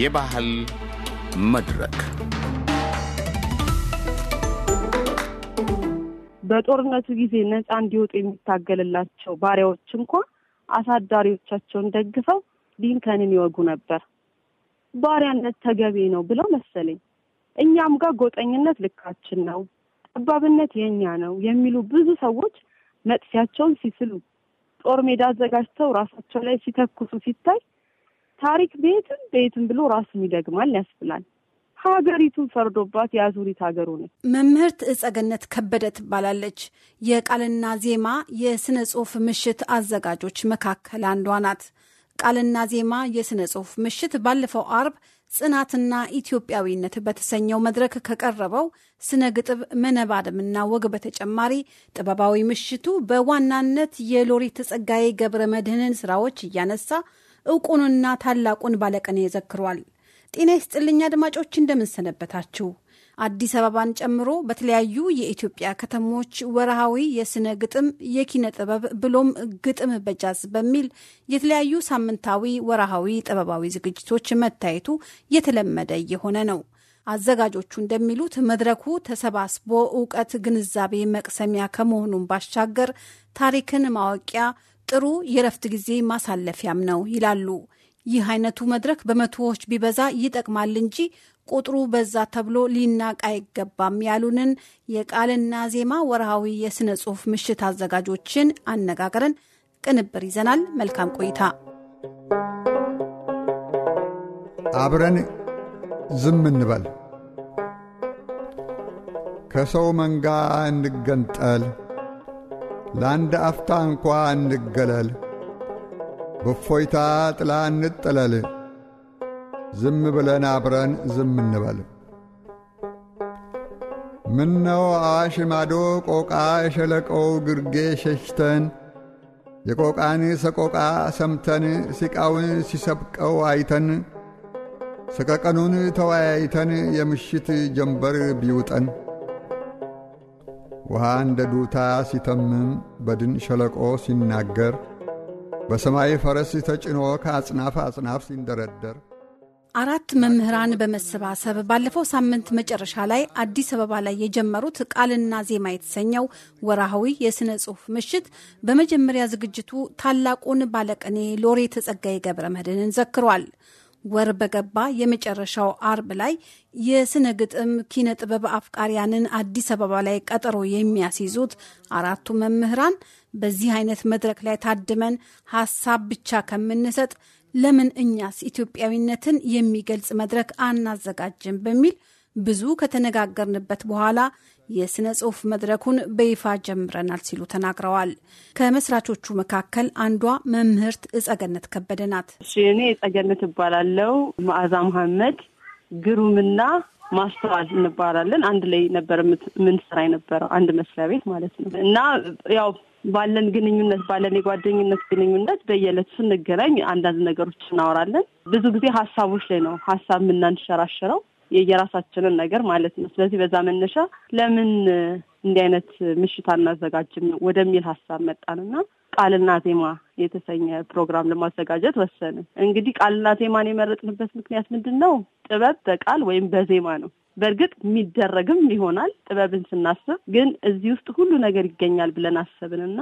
የባህል መድረክ በጦርነቱ ጊዜ ነፃ እንዲወጡ የሚታገልላቸው ባሪያዎች እንኳን አሳዳሪዎቻቸውን ደግፈው ሊንከንን ይወጉ ነበር። ባሪያነት ተገቢ ነው ብለው መሰለኝ። እኛም ጋር ጎጠኝነት ልካችን ነው፣ ጠባብነት የእኛ ነው የሚሉ ብዙ ሰዎች መጥፊያቸውን ሲስሉ ጦር ሜዳ አዘጋጅተው ራሳቸው ላይ ሲተኩሱ ሲታይ ታሪክ ቤትም ቤትም ብሎ ራሱን ይደግማል ያስብላል። ሀገሪቱ ፈርዶባት የአዙሪት ሀገሩ ነ መምህርት እጸገነት ከበደ ትባላለች። የቃልና ዜማ የስነ ጽሁፍ ምሽት አዘጋጆች መካከል አንዷ ናት። ቃልና ዜማ የስነ ጽሁፍ ምሽት ባለፈው አርብ ጽናትና ኢትዮጵያዊነት በተሰኘው መድረክ ከቀረበው ስነ ግጥም መነባደምና ወግ በተጨማሪ ጥበባዊ ምሽቱ በዋናነት የሎሬት ጸጋዬ ገብረ መድህንን ስራዎች እያነሳ እውቁንና ታላቁን ባለቀን ዘክሯል። ጤና ይስጥልኝ አድማጮች፣ እንደምንሰነበታችሁ። አዲስ አበባን ጨምሮ በተለያዩ የኢትዮጵያ ከተሞች ወርሃዊ የስነ ግጥም፣ የኪነ ጥበብ ብሎም ግጥም በጃዝ በሚል የተለያዩ ሳምንታዊ ወርሃዊ ጥበባዊ ዝግጅቶች መታየቱ የተለመደ እየሆነ ነው። አዘጋጆቹ እንደሚሉት መድረኩ ተሰባስቦ እውቀት፣ ግንዛቤ መቅሰሚያ ከመሆኑም ባሻገር ታሪክን ማወቂያ ጥሩ የረፍት ጊዜ ማሳለፊያም ነው ይላሉ። ይህ አይነቱ መድረክ በመቶዎች ቢበዛ ይጠቅማል እንጂ ቁጥሩ በዛ ተብሎ ሊናቅ አይገባም ያሉንን የቃልና ዜማ ወርሃዊ የሥነ ጽሑፍ ምሽት አዘጋጆችን አነጋግረን ቅንብር ይዘናል። መልካም ቆይታ። አብረን ዝም እንበል፣ ከሰው መንጋ እንገንጠል ለአንድ አፍታ እንኳ እንገለል፣ በእፎይታ ጥላ እንጠለል፣ ዝም ብለን አብረን ዝም እንበል። ምነው አዋሽ ማዶ ቆቃ የሸለቀው ግርጌ ሸሽተን የቆቃን ሰቆቃ ሰምተን ሲቃውን ሲሰብቀው አይተን ሰቀቀኑን ተወያይተን የምሽት ጀንበር ቢውጠን ውሃ እንደ ዱታ ሲተምም በድን ሸለቆ ሲናገር በሰማይ ፈረስ ተጭኖ ከአጽናፍ አጽናፍ ሲንደረደር አራት መምህራን በመሰባሰብ ባለፈው ሳምንት መጨረሻ ላይ አዲስ አበባ ላይ የጀመሩት ቃልና ዜማ የተሰኘው ወርሃዊ የሥነ ጽሑፍ ምሽት በመጀመሪያ ዝግጅቱ ታላቁን ባለቅኔ ሎሬት ጸጋዬ ገብረ መድኅንን ዘክሯል። ወር በገባ የመጨረሻው አርብ ላይ የስነ ግጥም ኪነ ጥበብ አፍቃሪያንን አዲስ አበባ ላይ ቀጠሮ የሚያስይዙት አራቱ መምህራን በዚህ አይነት መድረክ ላይ ታድመን ሀሳብ ብቻ ከምንሰጥ ለምን እኛስ ኢትዮጵያዊነትን የሚገልጽ መድረክ አናዘጋጅም በሚል ብዙ ከተነጋገርንበት በኋላ የሥነ ጽሑፍ መድረኩን በይፋ ጀምረናል ሲሉ ተናግረዋል። ከመስራቾቹ መካከል አንዷ መምህርት እጸገነት ከበደ ናት። እኔ እጸገነት እባላለው። መዓዛ መሐመድ፣ ግሩምና ማስተዋል እንባላለን። አንድ ላይ ነበር ምንሰራ የነበረው አንድ መስሪያ ቤት ማለት ነው እና ያው ባለን ግንኙነት ባለን የጓደኝነት ግንኙነት በየዕለቱ ስንገናኝ አንዳንድ ነገሮች እናወራለን። ብዙ ጊዜ ሀሳቦች ላይ ነው ሀሳብ የምናንሸራሽረው የየራሳችንን ነገር ማለት ነው። ስለዚህ በዛ መነሻ ለምን እንዲህ አይነት ምሽት አናዘጋጅም ወደሚል ሀሳብ መጣንና ቃልና ዜማ የተሰኘ ፕሮግራም ለማዘጋጀት ወሰንን። እንግዲህ ቃልና ዜማን የመረጥንበት ምክንያት ምንድን ነው? ጥበብ በቃል ወይም በዜማ ነው። በእርግጥ የሚደረግም ይሆናል። ጥበብን ስናስብ ግን እዚህ ውስጥ ሁሉ ነገር ይገኛል ብለን አሰብንና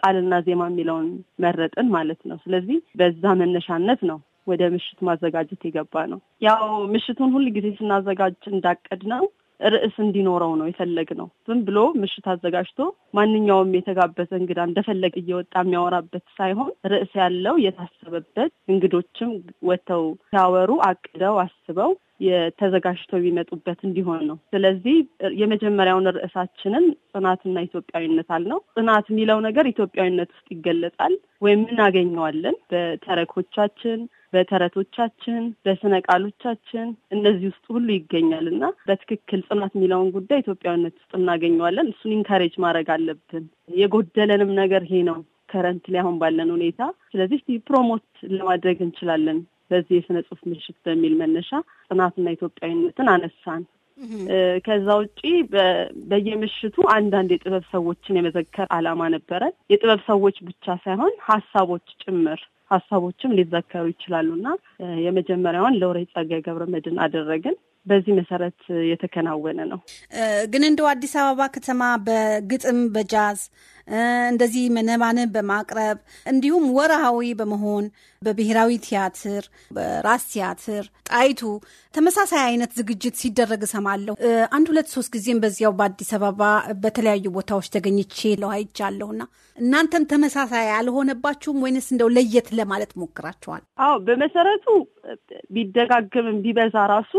ቃልና ዜማ የሚለውን መረጥን ማለት ነው። ስለዚህ በዛ መነሻነት ነው ወደ ምሽት ማዘጋጀት የገባ ነው። ያው ምሽቱን ሁል ጊዜ ስናዘጋጅ እንዳቀድ ነው ርዕስ እንዲኖረው ነው የፈለግ ነው። ዝም ብሎ ምሽት አዘጋጅቶ ማንኛውም የተጋበዘ እንግዳ እንደፈለገ እየወጣ የሚያወራበት ሳይሆን ርዕስ ያለው የታሰበበት፣ እንግዶችም ወጥተው ሲያወሩ አቅደው አስበው የተዘጋጅተው የሚመጡበት እንዲሆን ነው። ስለዚህ የመጀመሪያውን ርዕሳችንን ጽናትና ኢትዮጵያዊነት አልነው። ጽናት የሚለው ነገር ኢትዮጵያዊነት ውስጥ ይገለጣል ወይም እናገኘዋለን በተረኮቻችን በተረቶቻችን፣ በስነ ቃሎቻችን እነዚህ ውስጥ ሁሉ ይገኛል እና በትክክል ጽናት የሚለውን ጉዳይ ኢትዮጵያዊነት ውስጥ እናገኘዋለን። እሱን ኢንካሬጅ ማድረግ አለብን። የጎደለንም ነገር ይሄ ነው ከረንት ላይ አሁን ባለን ሁኔታ። ስለዚህ ፕሮሞት ለማድረግ እንችላለን። በዚህ የስነ ጽሁፍ ምሽት በሚል መነሻ ጽናትና ኢትዮጵያዊነትን አነሳን። ከዛ ውጪ በየምሽቱ አንዳንድ የጥበብ ሰዎችን የመዘከር አላማ ነበረን። የጥበብ ሰዎች ብቻ ሳይሆን ሀሳቦች ጭምር ሀሳቦችም ሊዘከሩ ይችላሉና የመጀመሪያውን ለውሬ ጸጋዬ ገብረ መድን አደረግን። በዚህ መሰረት የተከናወነ ነው። ግን እንደው አዲስ አበባ ከተማ በግጥም በጃዝ እንደዚህ መነባነብ በማቅረብ እንዲሁም ወርሃዊ በመሆን በብሔራዊ ቲያትር፣ በራስ ቲያትር፣ ጣይቱ ተመሳሳይ አይነት ዝግጅት ሲደረግ እሰማለሁ። አንድ ሁለት ሶስት ጊዜም በዚያው በአዲስ አበባ በተለያዩ ቦታዎች ተገኝቼ ለዋይቻለሁና እናንተም ተመሳሳይ አልሆነባችሁም ወይንስ እንደው ለየት ለማለት ሞክራችኋል? አዎ በመሰረቱ ቢደጋገምም ቢበዛ ራሱ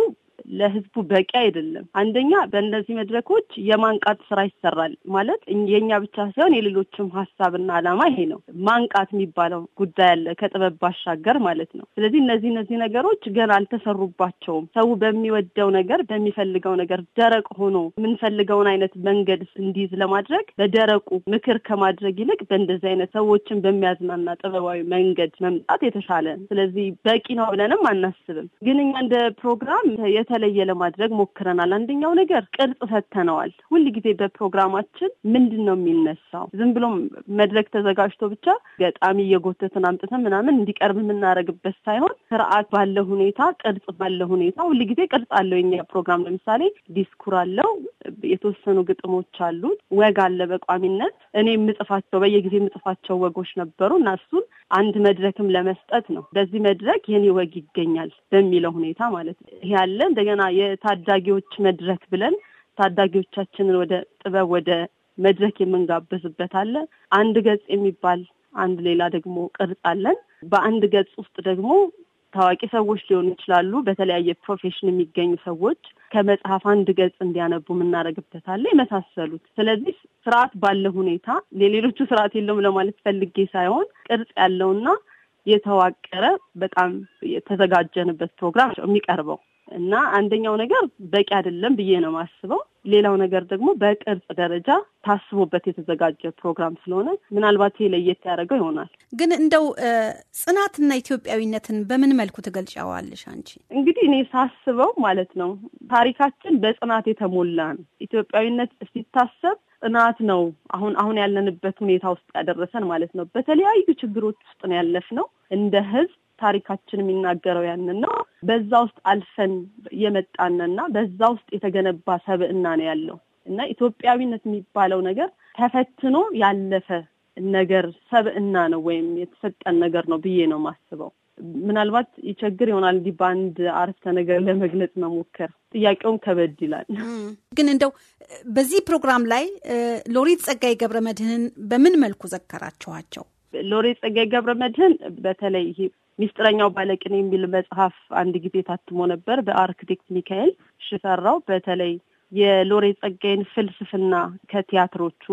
ለህዝቡ በቂ አይደለም። አንደኛ በእነዚህ መድረኮች የማንቃት ስራ ይሰራል ማለት የእኛ ብቻ ሳይሆን የሌሎችም ሀሳብና አላማ ይሄ ነው። ማንቃት የሚባለው ጉዳይ አለ ከጥበብ ባሻገር ማለት ነው። ስለዚህ እነዚህ እነዚህ ነገሮች ገና አልተሰሩባቸውም። ሰው በሚወደው ነገር በሚፈልገው ነገር ደረቅ ሆኖ የምንፈልገውን አይነት መንገድ እንዲይዝ ለማድረግ በደረቁ ምክር ከማድረግ ይልቅ በእንደዚህ አይነት ሰዎችን በሚያዝናና ጥበባዊ መንገድ መምጣት የተሻለ። ስለዚህ በቂ ነው ብለንም አናስብም። ግን እኛ እንደ ፕሮግራም የተለየ ለማድረግ ሞክረናል። አንደኛው ነገር ቅርጽ ሰተነዋል። ሁል ጊዜ በፕሮግራማችን ምንድን ነው የሚነሳው? ዝም ብሎም መድረክ ተዘጋጅቶ ብቻ ገጣሚ እየጎተትን አምጥተን ምናምን እንዲቀርብ የምናደርግበት ሳይሆን ስርዓት ባለ ሁኔታ ቅርጽ ባለ ሁኔታ ሁል ጊዜ ቅርጽ አለው የኛ ፕሮግራም። ለምሳሌ ዲስኩር አለው፣ የተወሰኑ ግጥሞች አሉት፣ ወግ አለ በቋሚነት እኔ የምጽፋቸው በየጊዜ የምጽፋቸው ወጎች ነበሩ እና እሱን አንድ መድረክም ለመስጠት ነው። በዚህ መድረክ የኔ ወግ ይገኛል በሚለው ሁኔታ ማለት ነው። ይሄ ያለን እንደገና የታዳጊዎች መድረክ ብለን ታዳጊዎቻችንን ወደ ጥበብ ወደ መድረክ የምንጋብዝበት አለ። አንድ ገጽ የሚባል አንድ ሌላ ደግሞ ቅርጽ አለን። በአንድ ገጽ ውስጥ ደግሞ ታዋቂ ሰዎች ሊሆኑ ይችላሉ። በተለያየ ፕሮፌሽን የሚገኙ ሰዎች ከመጽሐፍ አንድ ገጽ እንዲያነቡ የምናደርግበት አለ የመሳሰሉት። ስለዚህ ስርዓት ባለ ሁኔታ የሌሎቹ ስርዓት የለውም ለማለት ፈልጌ ሳይሆን ቅርጽ ያለውና የተዋቀረ በጣም የተዘጋጀንበት ፕሮግራም የሚቀርበው እና አንደኛው ነገር በቂ አይደለም ብዬ ነው የማስበው። ሌላው ነገር ደግሞ በቅርጽ ደረጃ ታስቦበት የተዘጋጀ ፕሮግራም ስለሆነ ምናልባት ለየት ያደረገው ይሆናል። ግን እንደው ጽናትና ኢትዮጵያዊነትን በምን መልኩ ትገልጫዋለሽ አንቺ? እንግዲህ እኔ ሳስበው ማለት ነው ታሪካችን በጽናት የተሞላ ነው። ኢትዮጵያዊነት ሲታሰብ ጽናት ነው አሁን አሁን ያለንበት ሁኔታ ውስጥ ያደረሰን ማለት ነው። በተለያዩ ችግሮች ውስጥ ነው ያለፍነው እንደ ህዝብ ታሪካችን የሚናገረው ያንን ነው። በዛ ውስጥ አልፈን የመጣንና በዛ ውስጥ የተገነባ ሰብዕና ነው ያለው እና ኢትዮጵያዊነት የሚባለው ነገር ተፈትኖ ያለፈ ነገር ሰብዕና ነው ወይም የተሰጠን ነገር ነው ብዬ ነው የማስበው። ምናልባት ይቸግር ይሆናል እንዲህ በአንድ አረፍተ ነገር ለመግለጽ መሞከር ጥያቄውን ከበድ ይላል። ግን እንደው በዚህ ፕሮግራም ላይ ሎሬት ጸጋዬ ገብረ መድህን በምን መልኩ ዘከራችኋቸው? ሎሬት ጸጋዬ ገብረ መድህን በተለይ ይሄ ሚስጥረኛው ባለቅኔ የሚል መጽሐፍ አንድ ጊዜ ታትሞ ነበር በአርክቴክት ሚካኤል ሽፈራው። በተለይ የሎሬ ጸጋዬን ፍልስፍና ከቲያትሮቹ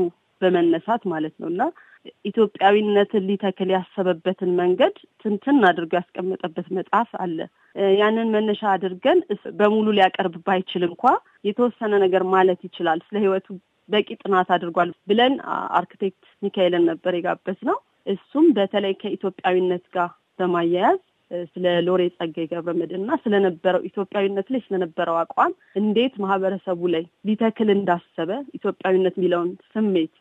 በመነሳት ማለት ነው እና ኢትዮጵያዊነትን ሊተክል ያሰበበትን መንገድ ትንትን አድርጎ ያስቀመጠበት መጽሐፍ አለ። ያንን መነሻ አድርገን በሙሉ ሊያቀርብ ባይችል እንኳ የተወሰነ ነገር ማለት ይችላል። ስለ ሕይወቱ በቂ ጥናት አድርጓል ብለን አርክቴክት ሚካኤልን ነበር የጋበዝ ነው። እሱም በተለይ ከኢትዮጵያዊነት ጋር በማያያዝ ስለ ሎሬ ጸጋዬ ገብረ መድኅን እና ስለነበረው ኢትዮጵያዊነት ላይ ስለነበረው አቋም እንዴት ማህበረሰቡ ላይ ሊተክል እንዳሰበ ኢትዮጵያዊነት የሚለውን ስሜት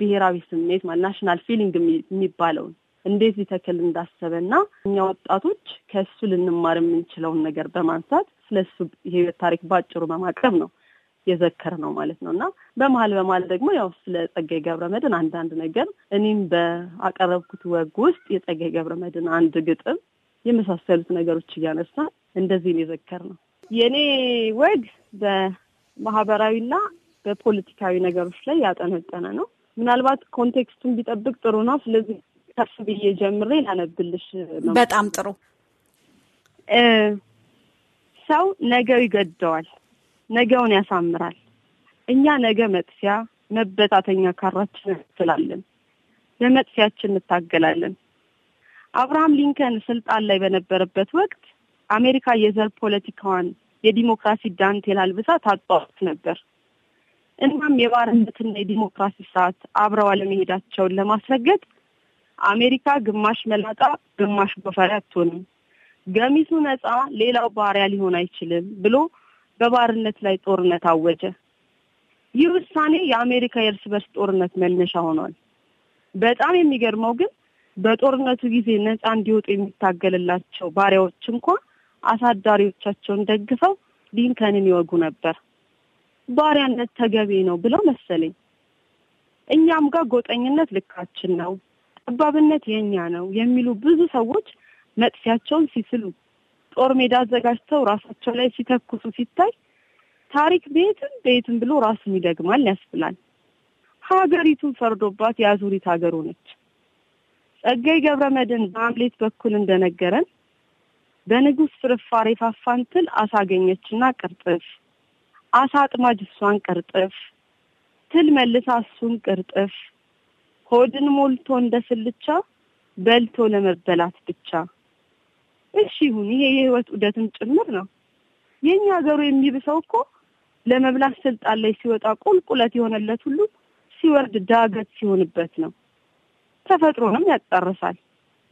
ብሔራዊ ስሜት ማለት ናሽናል ፊሊንግ የሚባለውን እንዴት ሊተክል እንዳሰበ እና እኛ ወጣቶች ከእሱ ልንማር የምንችለውን ነገር በማንሳት እሱ የህይወት ታሪክ ባጭሩ በማቅረብ ነው የዘከር ነው ማለት ነው እና በመሀል በመሀል ደግሞ ያው ስለ ጸጋዬ መድን አንዳንድ ነገር እኔም በአቀረብኩት ወግ ውስጥ የጸጋዬ ገብረመድን አንድ ግጥም የመሳሰሉት ነገሮች እያነሳ እንደዚህ የዘከር ነው የእኔ ወግ በማህበራዊና በፖለቲካዊ ነገሮች ላይ ያጠነጠነ ነው። ምናልባት ኮንቴክስቱን ቢጠብቅ ጥሩ ነው። ስለዚህ ከፍ ብዬ ጀምሬ ላነብልሽ በጣም ጥሩ። ሰው ነገው ይገደዋል፣ ነገውን ያሳምራል። እኛ ነገ መጥፊያ መበታተኛ ካራችን እንስላለን፣ ለመጥፊያችን እንታገላለን። አብርሃም ሊንከን ስልጣን ላይ በነበረበት ወቅት አሜሪካ የዘር ፖለቲካዋን የዲሞክራሲ ዳንቴል አልብሳ ታጧት ነበር። እናም የባርነትና የዲሞክራሲ ስርዓት አብረው አለመሄዳቸውን ለማስረገጥ አሜሪካ ግማሽ መላጣ ግማሽ ጎፈሬ አትሆንም፣ ገሚሱ ነፃ ሌላው ባሪያ ሊሆን አይችልም ብሎ በባርነት ላይ ጦርነት አወጀ። ይህ ውሳኔ የአሜሪካ የእርስ በርስ ጦርነት መነሻ ሆኗል። በጣም የሚገርመው ግን በጦርነቱ ጊዜ ነፃ እንዲወጡ የሚታገልላቸው ባሪያዎች እንኳን አሳዳሪዎቻቸውን ደግፈው ሊንከንን ይወጉ ነበር። ባሪያነት ተገቢ ነው ብለው መሰለኝ። እኛም ጋር ጎጠኝነት ልካችን ነው፣ ጠባብነት የኛ ነው የሚሉ ብዙ ሰዎች መጥፊያቸውን ሲስሉ ጦር ሜዳ አዘጋጅተው ራሳቸው ላይ ሲተኩሱ ሲታይ ታሪክ ቤትም ቤትም ብሎ ራሱን ይደግማል ያስብላል። ሀገሪቱን ፈርዶባት የአዙሪት ሀገር ሆነች። ጸጋይ ገብረ መድን በአምሌት በኩል እንደነገረን በንጉሥ ፍርፋሪ ፋፋን ትል አሳ አገኘችና ቅርጥፍ፣ አሳ አጥማጅ እሷን ቅርጥፍ፣ ትል መልሳ እሱን ቅርጥፍ፣ ሆድን ሞልቶ እንደ ስልቻ በልቶ ለመበላት ብቻ እሺ ይሁን፣ ይሄ የህይወት ውደትም ጭምር ነው። የኛ ሀገሩ የሚብሰው እኮ ለመብላት ስልጣን ላይ ሲወጣ ቁልቁለት የሆነለት ሁሉ ሲወርድ ዳገት ሲሆንበት ነው። ተፈጥሮንም ያጣርሳል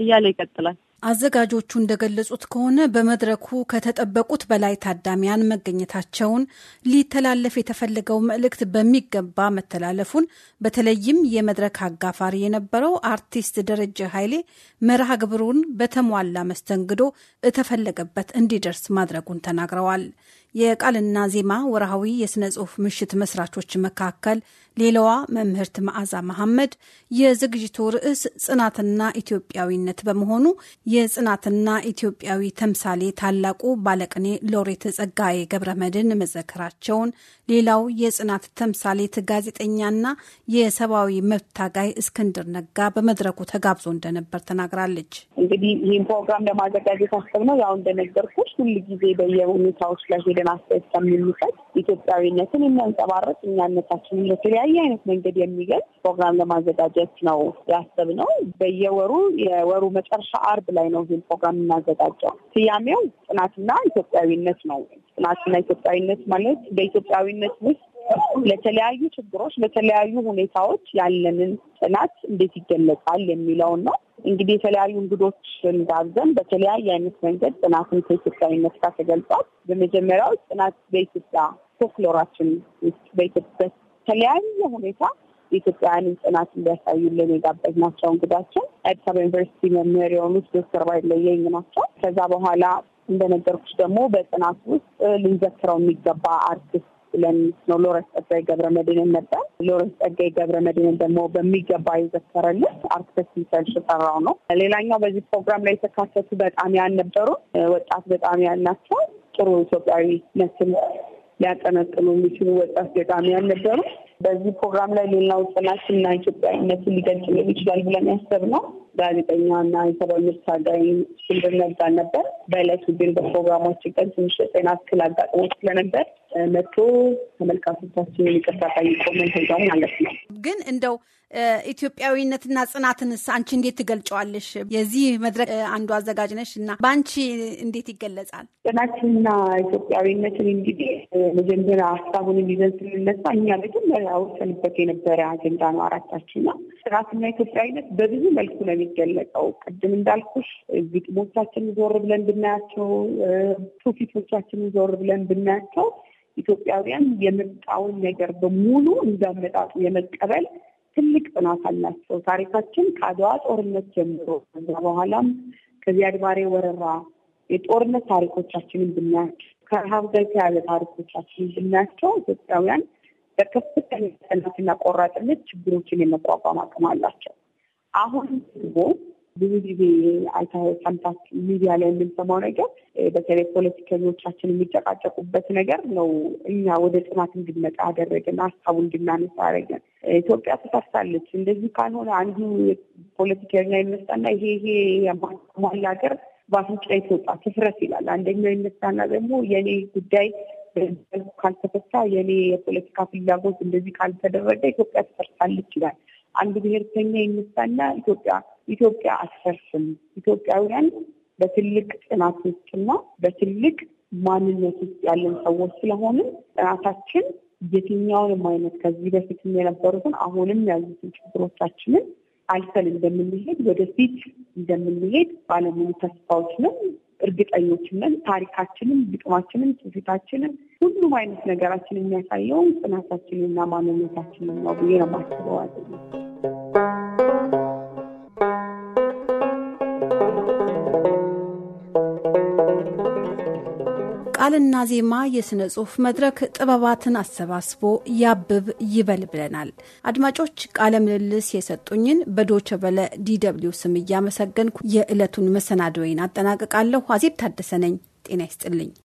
እያለ ይቀጥላል። አዘጋጆቹ እንደገለጹት ከሆነ በመድረኩ ከተጠበቁት በላይ ታዳሚያን መገኘታቸውን፣ ሊተላለፍ የተፈለገው መልእክት በሚገባ መተላለፉን፣ በተለይም የመድረክ አጋፋሪ የነበረው አርቲስት ደረጀ ኃይሌ መርሃ ግብሩን በተሟላ መስተንግዶ እተፈለገበት እንዲደርስ ማድረጉን ተናግረዋል። የቃልና ዜማ ወርሃዊ የሥነ ጽሑፍ ምሽት መስራቾች መካከል ሌላዋ መምህርት መዓዛ መሐመድ የዝግጅቱ ርዕስ ጽናትና ኢትዮጵያዊነት በመሆኑ የጽናትና ኢትዮጵያዊ ተምሳሌ ታላቁ ባለቅኔ ሎሬት ጸጋዬ ገብረመድን መዘከራቸውን ሌላው የጽናት ተምሳሌት ጋዜጠኛና የሰብአዊ መብት ታጋይ እስክንድር ነጋ በመድረኩ ተጋብዞ እንደነበር ተናግራለች። እንግዲህ ይህን ፕሮግራም ለማዘጋጀት ነው ያው እንደነገርኩሽ ሁል ጊዜ በየሁኔታዎች ላይ ሄደ ያለንን አስተያየት ከምንሰጥ ኢትዮጵያዊነትን የሚያንጸባረቅ እኛነታችንን በተለያየ አይነት መንገድ የሚገልጽ ፕሮግራም ለማዘጋጀት ነው ያሰብነው። በየወሩ የወሩ መጨረሻ አርብ ላይ ነው ይህን ፕሮግራም የምናዘጋጀው። ስያሜው ጥናትና ኢትዮጵያዊነት ነው። ጥናትና ኢትዮጵያዊነት ማለት በኢትዮጵያዊነት ውስጥ ለተለያዩ ችግሮች፣ ለተለያዩ ሁኔታዎች ያለንን ጥናት እንዴት ይገለጻል የሚለውን ነው። እንግዲህ የተለያዩ እንግዶች እንዳዘን በተለያየ አይነት መንገድ ጥናትን ከኢትዮጵያ ይነሳ ተገልጿል። በመጀመሪያው ጥናት በኢትዮጵያ ፎክሎራችን ውስጥ በኢትዮጵያ በተለያየ ሁኔታ የኢትዮጵያውያንን ጥናት እንዲያሳዩልን የጋበዝናቸው እንግዳችን አዲስ አበባ ዩኒቨርሲቲ መምህር የሆኑት ዶክተር ባይለየኝ ናቸው። ከዛ በኋላ እንደነገርኩች ደግሞ በጥናት ውስጥ ልንዘክረው የሚገባ አርቲስት ብለን ነው ሎረስ ጸጋይ ገብረ መድህንን መጣ። ሎረስ ጸጋይ ገብረ መድህንን ደግሞ በሚገባ የዘከረልን አርክቴክት ሚካኤል ሽፈራው ነው። ሌላኛው በዚህ ፕሮግራም ላይ የተካተቱ በጣሚያን ነበሩ። ወጣት በጣሚያን ናቸው። ጥሩ ኢትዮጵያዊነትን ሊያቀነቅኑ የሚችሉ ወጣት ገጣሚያን ነበሩ። በዚህ ፕሮግራም ላይ ሌላው ጽናትና ኢትዮጵያዊነትን ሊሆን ይችላል ብለን ያሰብ ያሰብነው ጋዜጠኛና የሰብአዊ መብት ታጋይ እስክንድር ነጋ ነበር። በዕለቱ ግን በፕሮግራማችን ቀን ትንሽ የጤና እክል አጋጥሞ ስለነበር መቶ ተመልካቾቻችንን ይቅርታ ጠይቆ መንተዛው ማለት ነው። ግን እንደው ኢትዮጵያዊነትና ጽናትንስ አንቺ እንዴት ትገልጫዋለሽ? የዚህ መድረክ አንዱ አዘጋጅ ነሽ እና በአንቺ እንዴት ይገለጻል? ጽናትና ኢትዮጵያዊነትን እንግዲህ መጀመሪያ ሀሳቡን እንዲዘን ስንነሳ እኛ መጀመሪያ አውሰንበት የነበረ አጀንዳ ነው። አራታችን ነው ስርዓትና ኢትዮጵያዊነት በብዙ መልኩ ነው የሚገለጸው። ቅድም እንዳልኩሽ ግጥሞቻችንን ዞር ብለን ብናያቸው፣ ትውፊቶቻችንን ዞር ብለን ብናያቸው ኢትዮጵያውያን የመጣውን ነገር በሙሉ እንዳመጣጡ የመቀበል ትልቅ ጥናት አላቸው። ታሪካችን ከአድዋ ጦርነት ጀምሮ ከዛ በኋላም ከዚህ አድባሬ ወረራ የጦርነት ታሪኮቻችንን ብናያቸው ከረሃብ ጋር የተያዘ ታሪኮቻችንን ብናያቸው ኢትዮጵያውያን በከፍተኛ ጽናትና ቆራጥነት ችግሮችን የመቋቋም አቅም አላቸው። አሁን ህዝቦ ብዙ ጊዜ አይታ ሰምታት ሚዲያ ላይ የምንሰማው ነገር በተለይ ፖለቲከኞቻችን የሚጨቃጨቁበት ነገር ነው። እኛ ወደ ጥናት እንድንመጣ አደረገን፣ ሀሳቡ እንድናነሳ አደረገን። ኢትዮጵያ ተሳሳለች፣ እንደዚህ ካልሆነ አንዱ ፖለቲከኛ ይነሳና ይሄ ይሄ ማላገር ሀገር በአፍንጫ ላይ ትፍረስ ይላል። አንደኛው ይነሳና ደግሞ የእኔ ጉዳይ ካልተፈታ የኔ የፖለቲካ ፍላጎት እንደዚህ ካልተደረገ ኢትዮጵያ ትፈርሳለች ይላል። አንድ ብሔርተኛ ይነሳና ኢትዮጵያ ኢትዮጵያ አትፈርስም። ኢትዮጵያውያን በትልቅ ጥናት ውስጥና በትልቅ ማንነት ውስጥ ያለን ሰዎች ስለሆንም ጥናታችን የትኛውንም አይነት ከዚህ በፊትም የነበሩትን አሁንም ያሉትን ችግሮቻችንን አልፈን እንደምንሄድ ወደፊት እንደምንሄድ ባለሙሉ ተስፋዎች ነው። እርግጠኞች ነን። ታሪካችንም፣ ግጥማችንም፣ ትውፊታችንም ሁሉም አይነት ነገራችን የሚያሳየውን ጽናታችንና ማንነታችንን ነው ብዬ ነው ማስበዋል። ቃልና ዜማ የሥነ ጽሑፍ መድረክ ጥበባትን አሰባስቦ ያብብ ይበል ብለናል። አድማጮች ቃለ ምልልስ የሰጡኝን በዶቸበለ ዲደብሊው ስም እያመሰገንኩ የዕለቱን መሰናዶዬን አጠናቅቃለሁ። አዜብ ታደሰ ነኝ። ጤና ይስጥልኝ።